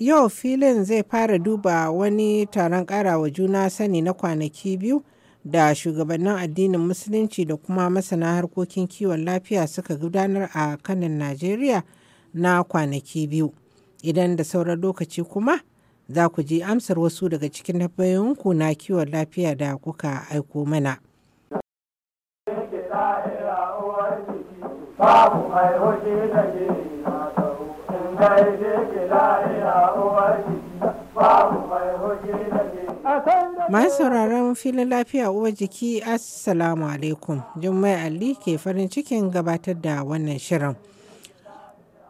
Yau filin zai fara duba wani taron ƙarawa juna sani na kwanaki biyu da shugabannin addinin Musulunci da kuma masana harkokin kiwon lafiya suka gudanar a kanin Najeriya na kwanaki biyu. Idan da sauran lokaci kuma za ku ji amsar wasu daga cikin ku na kiwon lafiya da kuka aiko mana. Babu mai hoji da Masu sauraron filin lafiya uwa jiki Assalamu alaikum. Jummai Ali ke farin cikin gabatar da wannan shirin.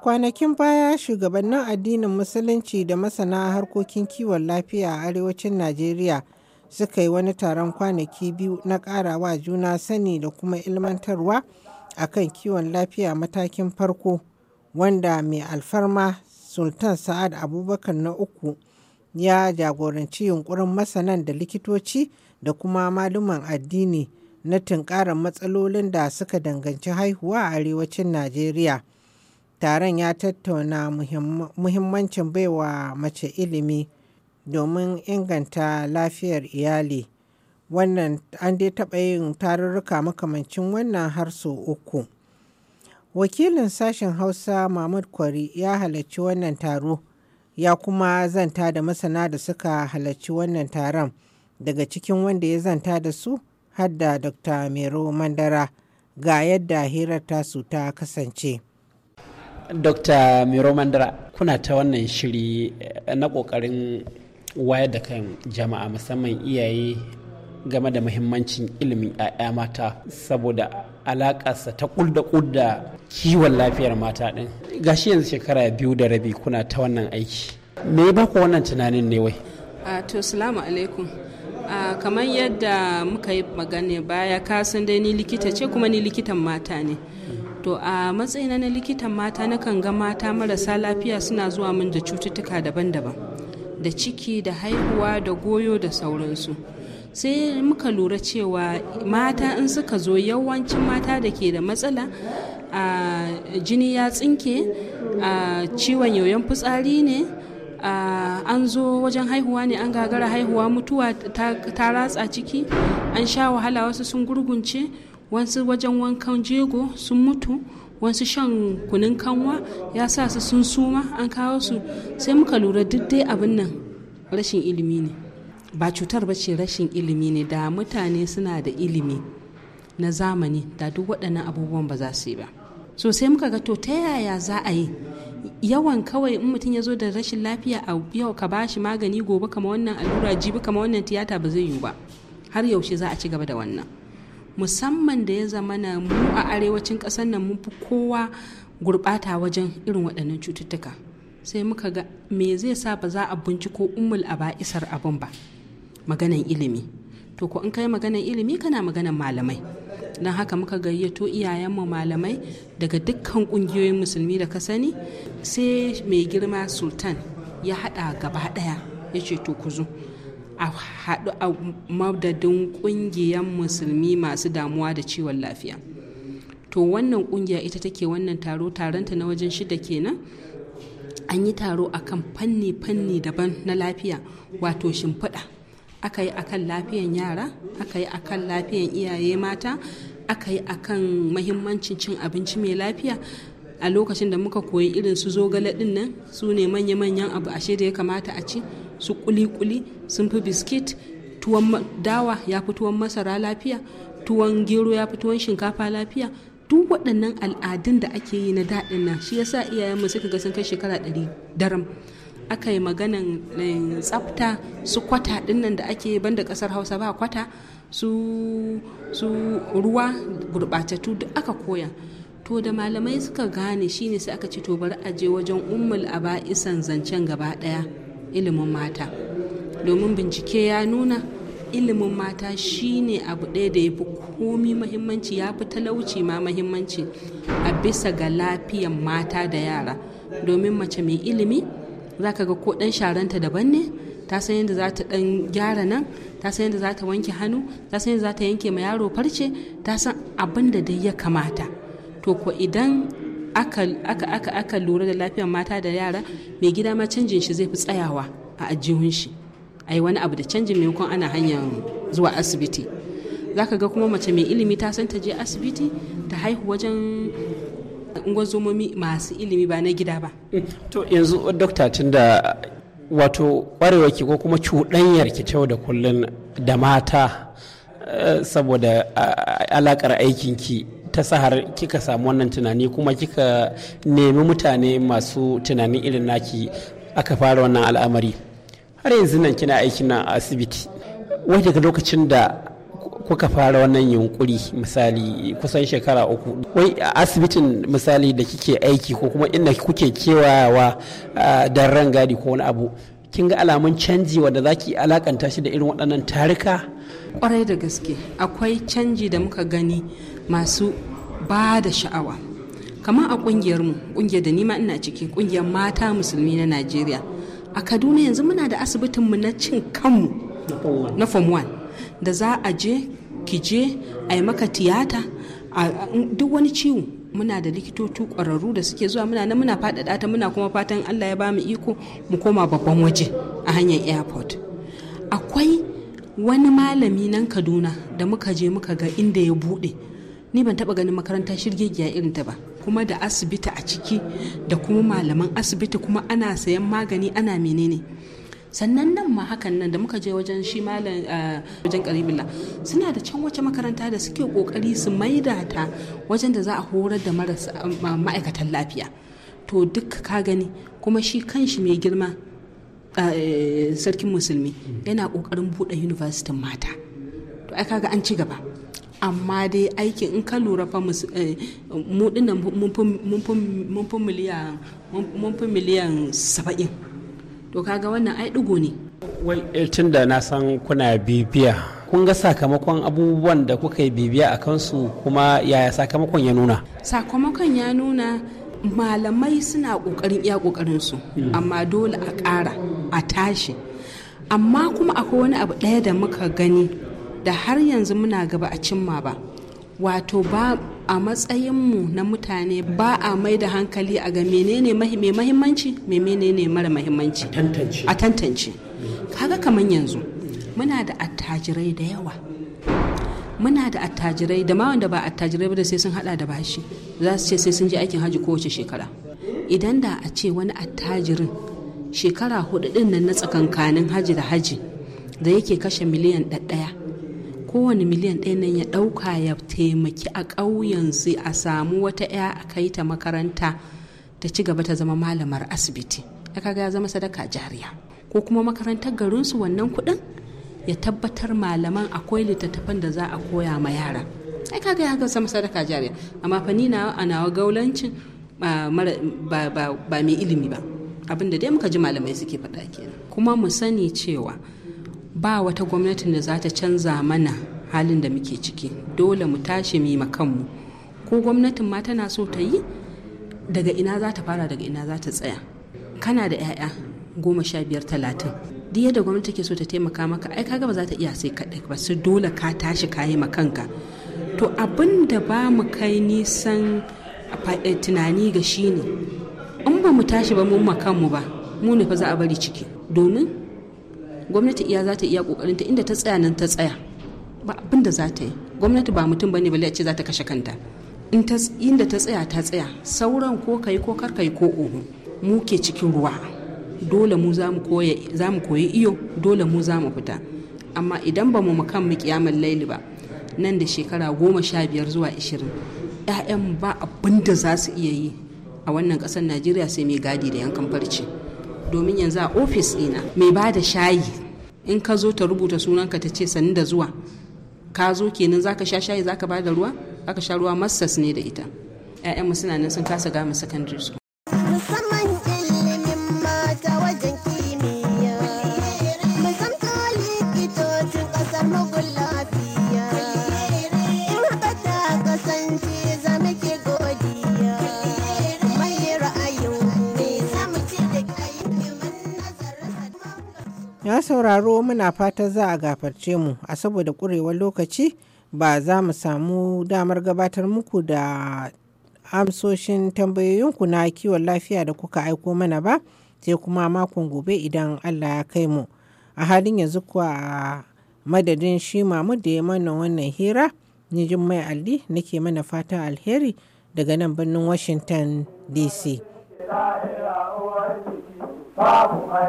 Kwanakin baya shugabannin addinin Musulunci da masana harkokin kiwon lafiya a arewacin Najeriya suka yi wani taron kwanaki biyu na wa juna sani da kuma ilmantarwa akan kiwon lafiya matakin farko wanda mai alfarma Sultan Sa'ad Abubakar na uku ya jagoranci yunkurin masanan da likitoci da kuma maluman addini na tunkarar matsalolin da suka danganci haihuwa a arewacin Najeriya. Taron ya tattauna muhimmancin baiwa mace ilimi domin inganta lafiyar iyali. Wannan an dai taɓa yin tarurruka makamancin wannan har sau uku. wakilin sashen hausa mahmud kwari ya halarci wannan taro ya kuma zanta da masana da suka halarci wannan taron daga cikin wanda ya zanta da su hadda dr mero mandara ga yadda hirar tasu ta kasance dr mero mandara kuna ta wannan shiri eh, na kokarin wayar da kan jama'a musamman iyaye game da muhimmancin ilimin 'ya'ya mata saboda alakarsa ta kulda kulda kiwon lafiyar mata ga gashi yanzu shekara biyu da rabi kuna ta wannan aiki me ba ku wannan tunanin ne wai a to salamu alaikum kamar yadda muka yi magana baya kasan dai ni likita ce kuma ni likitan mata ne to a matsayina na likitan mata nakan ga mata marasa lafiya suna zuwa min da cututtuka daban-daban da ciki da haihuwa da goyo da sauransu sai muka lura cewa mata in suka zo yawancin mata da ke da matsala a jini ya tsinke a ciwon yoyon fitsari ne an zo wajen haihuwa ne an gagara haihuwa mutuwa ta ratsa ciki an sha wahala wasu sun gurgunce wasu wajen wankan jego sun mutu wasu shan kunun kanwa ya sa su sun suma an kawo su sai muka lura duk dai abin nan rashin ilimi ne ba cutar ba ce rashin ilimi ne da mutane suna da ilimi na zamani da duk waɗannan abubuwan ba za su yi ba so sai muka ga to ta yaya za a yi yawan kawai in mutum ya zo da rashin lafiya a yau ka ba shi magani gobe kama wannan allura jibi kama wannan tiyata ba zai yiwu ba har yaushe za a ci gaba da wannan musamman da ya zama na mu a arewacin ƙasar nan mun fi kowa gurɓata wajen irin waɗannan cututtuka sai muka ga me zai sa ba za a binciko umul a ba'isar abin ba maganan ilimi to ko in kai maganan ilimi kana maganan malamai don haka muka gayyato iyayenmu malamai daga dukkan kungiyoyin musulmi da ka sani sai mai girma sultan ya haɗa gaba ɗaya ya ce to ku zo a hadu a madadin ƙungiyar musulmi masu damuwa da ciwon lafiya to wannan ƙungiya ita take wannan taro taronta na wajen shida kenan an yi taro akan fanni-fanni daban na lafiya wato shimfiɗa aka yi akan lafiyan yara aka yi akan lafiyan iyaye mata aka yi akan mahimmancin cin abinci mai lafiya a lokacin da muka koyi irin su zogale din nan su ne manya-manyan abu ashe da ya kamata a ci su kuli-kuli sun fi biskit tuwon dawa ya fi tuwon masara lafiya tuwon gero ya fi tuwon shinkafa lafiya duk waɗannan al'adun da ake yi na daɗin nan shi yasa iyayenmu suka ga sun kai shekara ɗari daram aka yi maganan eh, tsafta su kwata dinnan da ake banda kasar hausa ba kwata su ruwa gurbatattu duk aka koya to da malamai suka gane shine sai aka ci to bari a je wajen ummul isan zancen gaba daya ilimin mata domin bincike ya nuna ilimin mata shine abu ɗaya da ya fi komi mahimmanci ya fi talauci ma mahimmanci a bisa ga lafiyan mata da yara domin mace mai ilimi za ka ga ko ɗan sharanta daban ne ta san yadda za ta ɗan gyara nan ta san yadda za ta wanke hannu ta san yadda za ta yanke ma yaro farce ta san abin da dai ya kamata to ko idan aka aka lura da lafiyar mata da yara mai gida ma canjin shi zai fi tsayawa a ajiyun shi yi wani abu da canjin maimakon ana hanyar zuwa asibiti za ka ga kuma mace mai ilimi ta san ta je asibiti ta haihu wajen ungozomomi masu ilimi ba na gida ba to yanzu dokta tunda wato kwarewa ki ko kuma cuɗanyar ki kyau da kullun da mata eh, saboda eh, alakar ki ta sahar kika samu wannan tunani kuma kika nemi mutane masu tunanin irin naki aka fara wannan al'amari har yanzu nan kina aikin nan a asibiti wai daga lokacin da kuka fara wannan yunkuri misali kusan shekara uku wai a asibitin misali da kike aiki ko kuma inda kuke kewayawa don rangadi ko wani abu kin ga alamun canji wanda za ki alakanta shi da irin waɗannan tarika kwarai da gaske akwai canji da muka gani masu ba da sha'awa kamar a ƙungiyarmu ƙungiyar da nima ina ciki ƙungiyar mata musulmi na najeriya a kaduna yanzu muna da asibitinmu na cin kanmu na form 1 da za a je ki je a yi maka tiyata duk wani ciwo muna da likitoci ƙwararru da suke zuwa muna na muna faɗaɗa ta muna kuma fatan allah ya ba mu iko mu koma babban waje a hanyar airport akwai wani malami nan kaduna da muka je muka ga inda ya buɗe ni ban taɓa ganin makaranta shirgegiya irin ta ba kuma da asibiti a ciki da kuma malaman asibiti kuma ana sayan magani ana menene sannan nan ma hakan nan da muka je wajen shi malam eh, wajen karibila suna da can wace makaranta da suke kokari su maida ta wajen da za a horar da marasa ma'aikatan lafiya to duk ka gani kuma shi kanshi mai girma eh, sarkin musulmi yana kokarin buɗe university mata to ai kaga an ci gaba amma dai aiki in ka lura fa eh, mu dinnan mun fi miliyan saba'in to kaga wannan ai digo ne wai eh, tun da na san kuna bibiya kun ga sakamakon abubuwan da kuka yi bibiya a kansu kuma yaya sakamakon ya nuna sakamakon ya nuna malamai suna kokarin iya kokarin su hmm. amma dole a ƙara a tashi amma kuma akwai wani abu ɗaya da muka gani da har yanzu muna gaba a cimma ba wato ba a matsayinmu na mutane ba a mai da hankali a ga menene mai mahimmanci menene mara mahimmanci a tantance kaga kamar yanzu muna da attajirai da yawa muna da attajirai da ma wanda ba attajirai ba da sai sun hada da bashi za su ce sai sun je aikin haji kowace shekara idan da a ce wani attajirin shekara hudu din nan na tsakankanin haji da haji da yake kashe miliyan ɗaya kowane miliyan ɗaya nan ya ɗauka ya taimaki a ƙauyensu a samu wata 'ya a kai ta makaranta ta ci gaba ta zama malamar asibiti ya kaga ya zama sadaka jariya ko kuma makarantar garinsu wannan kuɗin ya tabbatar malaman akwai littattafan da za a koya ma yara ai kaga ya zama sadaka jariya amma fa ni na a nawa gaulancin ba mai ilimi ba abin da dai muka ji malamai suke faɗa kenan kuma mu sani cewa ba wata gwamnati da za ta canza mana halin da muke ciki dole mu tashi mu ma kanmu ko gwamnatin ma tana so ta yi daga ina za ta fara daga ina za ta tsaya kana da 'ya'ya goma sha biyar talatin duk yadda gwamnati ke so ta taimaka maka ai kaga ba za ta iya sai kaɗai ba su dole ka tashi ka yi kanka to abin da ba mu kai nisan eh, tunani ga shi ne in ba mu tashi ba mu kanmu ba mu ne fa za a bari ciki domin gwamnati iya za ta iya ta inda ta tsaya nan ta tsaya ba abin da za ta yi gwamnati ba mutum bane bale ce za ta kashe kanta inda ta tsaya ta tsaya sauran ko kai ko kar kai ko uhu mu ke cikin ruwa dole mu za mu koyi iyo dole mu za mu fita amma idan ba mu kan mu kiyamar laili ba nan da shekara goma sha biyar zuwa ishirin, 'ya'yan ba abin da za su iya yi a wannan ƙasar najeriya sai mai gadi da yankan farce domin yanzu a ofis ɗina mai ba da shayi in ka zo ta rubuta sunanka ta ce sani da zuwa ka zo kenan ka sha shayi za ka ba da ruwa Za ka sha ruwa masters ne da ita 'ya'yanmu suna nan sun kasa gama secondary school Na sauraro muna fata za a gafarce mu a saboda ƙurewar lokaci ba za mu samu damar gabatar muku da amsoshin tambayoyinku na kiwon lafiya da kuka aiko mana ba sai kuma makon gobe idan Allah ya kai mu. A halin yanzu kuwa madadin shi mamu da ya mana wannan hira, ni Jummai alli nake mana fatan alheri daga nan birnin Washington DC. Babu mai